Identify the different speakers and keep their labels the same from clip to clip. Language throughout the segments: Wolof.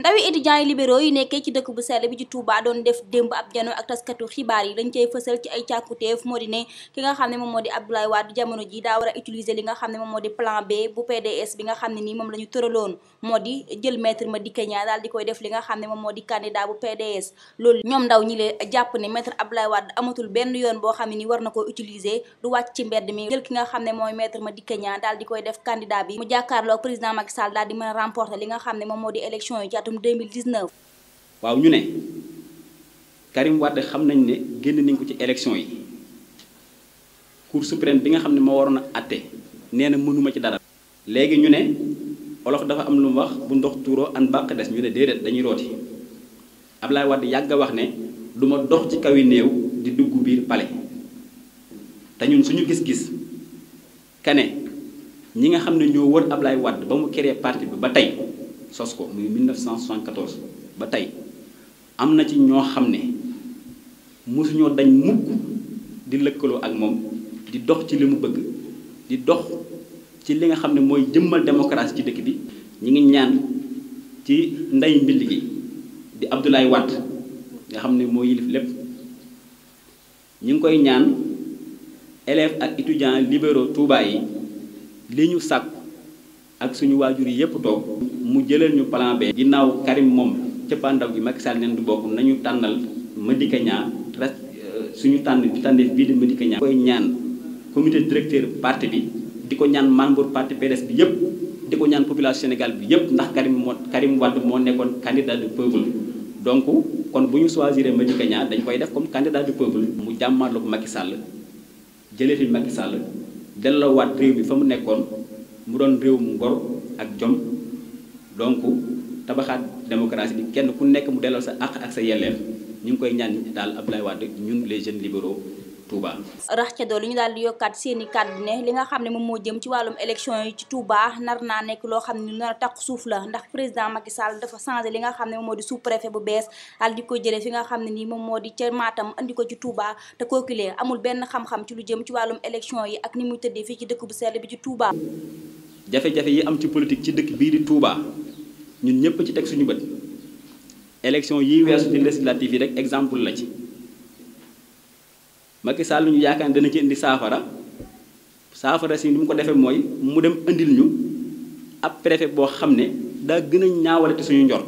Speaker 1: ndawi étudiants yi libéraux yi nekkee ci dëkk bu sell bi ci Touba doon def démb ab janoo ak taskatu xibaar yi dañ cay fësal ci ay càkkuteef moo di ne ki nga xam ne moom moo di Abdoulaye Wade ji daa war li nga xam ne moom moo di plan B bu PDS bi nga xam ne nii moom la ñu tëraloon moo di jël maître Madické Niang daal di koy def li nga xam ne moom moo di candidat bu PDS loolu ñoom ndaw ñi lee jàpp ne maître Abdoulaye Wade amatul benn yoon boo xam ne ni war na ko utiliser du wàcc ci mbedd mi jël ki nga xam ne mooy maître Madické Niang daal di koy def candidat bi mu jàkkaarloo président Macky di a remporter xam ne moom moo di élection atum 2019.
Speaker 2: waaw ñu ne Karim Wade xam nañ ne génn nañ ko ci élection yi cour suprême bi nga xam ne moo waroon a àtte nee na mënuma ci dara. léegi ñu ne olof dafa am lu mu wax bu ndox tuuroo an bàq des ñu ne déedéet dañuy rooti Ablaye Wade yàgg a wax ne du ma dox ci kawi néew di dugg biir palais te suñu gis-gis kane ñi nga xam ne ñoo wër Ablaye Wade ba mu créé parti bi ba tey. sos ko muy 1974 ba tey am na ci ñoo xam ne mosuñoo dañ mukk di lëkkaloo ak moom di dox ci li mu bëgg di dox ci li nga xam ne mooy jëmmal démocratie ci dëkk bi ñi ngi ñaan ci ndey mbill gi di Abdoulaye Wade nga xam ne moo yilif lépp ñi ngi koy ñaan élèves ak étudiants libéraux Touba yi li ñu sàkku ak suñu waajur yi yëpp toog mu jëlal ñu plan B. ginnaaw Karim moom ca cëppaandaw bi Macky Sall neen du bokk nañu tànnal Madické Niang res euh, suñu tànn tànneef bii di Madické Niang koy ñaan comité directeur parti bi di ko ñaan membre parti PDS bi yëpp di ko ñaan population Sénégal bi yëpp ndax Karim moo Karim Wade moo nekkoon candidat du peuple donc kon bu ñu choisir Madické Niang dañ koy def comme candidat du peuple mu jàmmaarloog Macky Sall jëlee fi Macky Sall delloowaat réew mi fa mu nekkoon mu doon réew mu ngor ak jom donc tabaxaat démocratie bi kenn ku nekk mu delloo sa àq ak sa yelleef ñu ngi koy ñaan daal Abdoulaye Wade ñun les jeunes libéraux Touba.
Speaker 1: rax ca dool ñu daal di yokkaat seen i kàddu ne li nga xam ne moom moo jëm ci wàllum élection yi ci Touba nar na nekk loo xam ne nar a takk suuf la ndax président Macky Sall dafa changé li nga xam ne moom moo di sous préfet bu bees al di ko jëlee fi nga xam ne nii moom moo di ca Matam indi ko ci Touba te kooku amul benn xam ci lu jëm ci wàllum élection yi ak ni muy tëddee fii ci dëkk bu sell bi ci Touba.
Speaker 2: jafe-jafe yi am ci politique ci dëkk bii di Touba ñun ñëpp ci teg suñu bët élection yi weesu di législative yi rek exemple la ci Macky Sall ñu yaakaar ne dana ci indi saafara saafara si ni mu ko defee mooy mu dem indil ñu ab préfet boo xam ne daa gën a ñaawalati suñu njort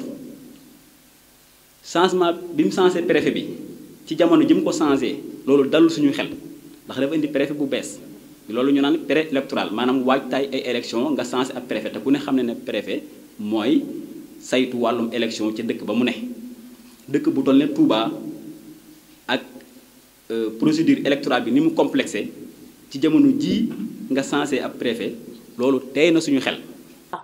Speaker 2: changement bi mu changé préfet bi ci jamono ji mu ko changé loolu dalul suñu xel ndax dafa indi préfet bu bees loolu ñu naan pré électoral maanaam waajtaay ay élection nga sensé ab préfet te ku ne xam ne ne préfet mooy saytu wàllum élection ca dëkk ba mu ne dëkk bu toll ne Touba ak euh, procédure électorale bi ni mu complexé ci jamono ji nga sancé ab préfet loolu tey na suñu xel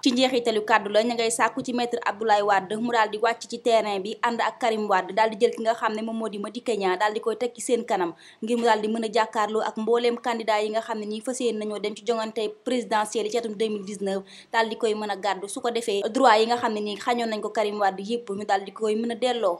Speaker 1: ci njeexitalu kàddu la ña ngay sàkku ci maître Abdoulaye Wade mu daal di wàcc ci terrain bi ànd ak Karim Wade daal di jël ki nga xam ne moom moo di Madické Niang daal di koy teg ci seen kanam ngir mu daal di mën a jàkkaarloo ak mbooleem candidat yi nga xam ne nii fas yéene nañoo dem ci jongante présidentielle yi ci atum 2019 daal di koy mën a gàddu su ko defee droit yi nga xam ne nii xañoon nañ ko Karim Wade yëpp ñu daal di koy mën delloo